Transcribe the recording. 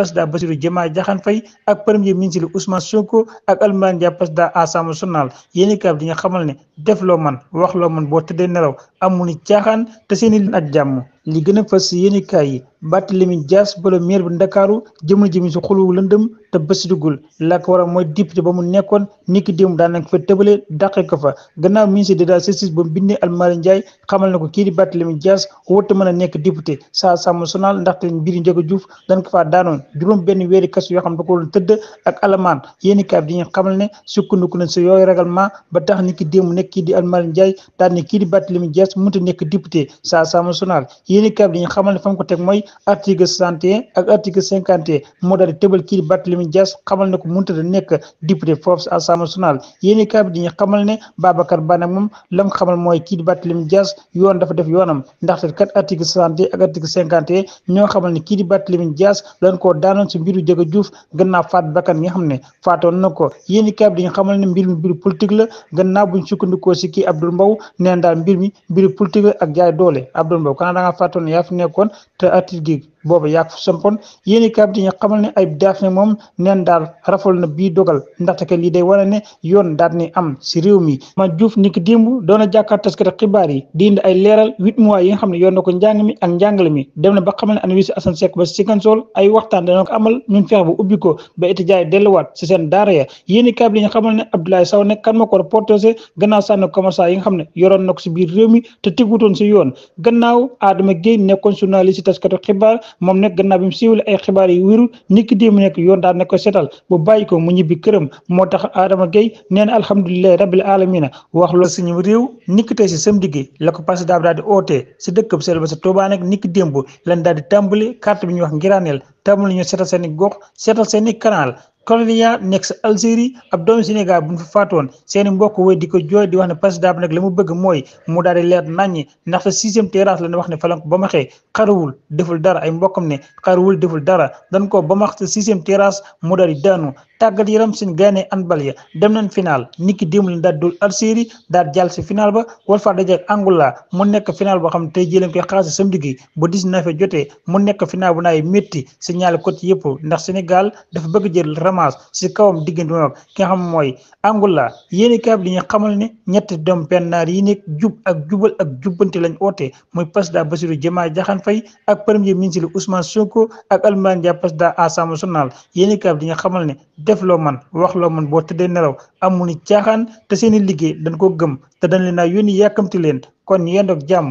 Président Bassirou Diomaye Diakhar Faye ak premier ministre Ousmane Sonko ak Alioune Ndiaye président Assemblée nationale yéen i di nga xamal ne def loo wax loo boo tëddee nelaw amul caaxaan te seen i ak jàmm. li gën a fës yéenekaay yi Barthélémy Dias bala maire bu Ndakaaru jëmal jëmi si xolu lëndëm te bés dugul la ko waral mooy député ba mu nekkoon niki démb daan nañ ko fa tëbale dàqe ko fa gannaaw ministre de la justice ba mu bindee Almari Ndiaye ko kii di Barthélémy Dias wóote mën a nekk député saa sàmm sonal ndaxte mbiri Ndiaga Diouf dañ ko faa daanoon juróom benn weeri kasu yoo xam ne da ko tëdd ak alamaan bi dañuy xamal ne sukkandiku nañ si yooyu règlement ba tax niki démb nekk kii di Almari Ndiaye daan ne kii di Barthélémy Dias mënut a nekk député saa sàmm sonal yéeni kab yi ñu xamal ne fa mu ko teg mooy article 61 ak article 51 moo daal di tëbal kii di Barthélémy Dias xamal ne ko mënut a nekk député foofu assemblée nationale yéeni kab yi ñu xamal ne Babacar Ba nag moom lam xamal mooy kii di Barthélémy Dias yoon dafa def yoonam ndaxte kat article 61 ak article 51 ñoo xamal ne kii di Barthélémy Dias lan koo daanoon si mbiru Diaga Diouf gannaaw faat bakkan nga xam ne faatoon na ko yéeni kab yi ñu xamal ne mbir mi mbiru politique la gannaaw buñ sukkandikoo si kii Abdoul Mbow neen daal mbir mi mbiru politique la ak jaay doole Abdoul xafatun yaa fi nekkoon te atit gi booba yaa ko sampoon yéeni kab di ñu xamal ne ayib daaf ne moom neen daal rafal na bii dogal ndaxte ke lii day wane ne yoon daal ni am si réew mi ma Diouf ni ki démb doon a jàkkaar taskati xibaar yi di indi ay leeral huit mois yi nga xam ne yoon na ko njàng mi ak njàngale mi dem na ba xamal ne Anaïs Assane Seck ba Sikansool ay waxtaan dana amal ñun feex ba ubbi ba étudiants yi delluwaat si seen daara ya yéeni xamal ne Abdoulaye Sow ne kan na ko si biir réew mi te moom nag gannaaw bi mu siiwale ay xibaar yu wéru ni ki démb nekk yoon daal ne ko seetal bu bàyyi ko mu ñibbi këram moo tax Adama Gueye nee na alhamdulilahi rabil alamina wax loolu suñu réew ni ki tey si samedi gi la ko passé daal daal di ootee si dëkkab sel ba sa Tuubaa nag ni daal di tàmbali carte bi ñuy wax ngiraaneel tàmbali ñu seetal seen i gox seetal seen i canal Colombia nekk sa Algérie ab doomu Sénégal bu ñu fa faatoon seeni mbokk woy di ko jooy di wax ne président bi nag la mu bëgg mooy mu daal di leer naññi ndax sa sixième terrasse la ñu wax ne falank ba maxee xarawul deful dara ay mbokkam ne xarawul deful dara dañ ko ba max sa sixième terrasse mu daal di daanu tagal yaram suñ gaynee handball ya dem nañ final niki demul ndad dul arsiri dal jall si final ba wolfa Fadjri ak Angola mu nek final bo xam tay jël jii koy xaase samedi gi bu 19 jotté mu nek final bu naay métti si ñaari côté yépp ndax Sénégal dafa bëgg jël ramas ci kawam diggante moom ki xam moy Angola yéen kaab li ñi xamal ni ñett pennar yi nek jub ak jubal ak jubanti lañ oté moy président basirou Diomaye Diakhar Usman ak premier ministre Ousmane Sonko ak Almania président Assemblée nationale kaab li ñi xamal ni def loo man wax loo man boo amu nelaw amul caaxaan te seeni liggéey dañ ko gëm te dañ leen a yónni yàkkamti leen kon yendoog jàmm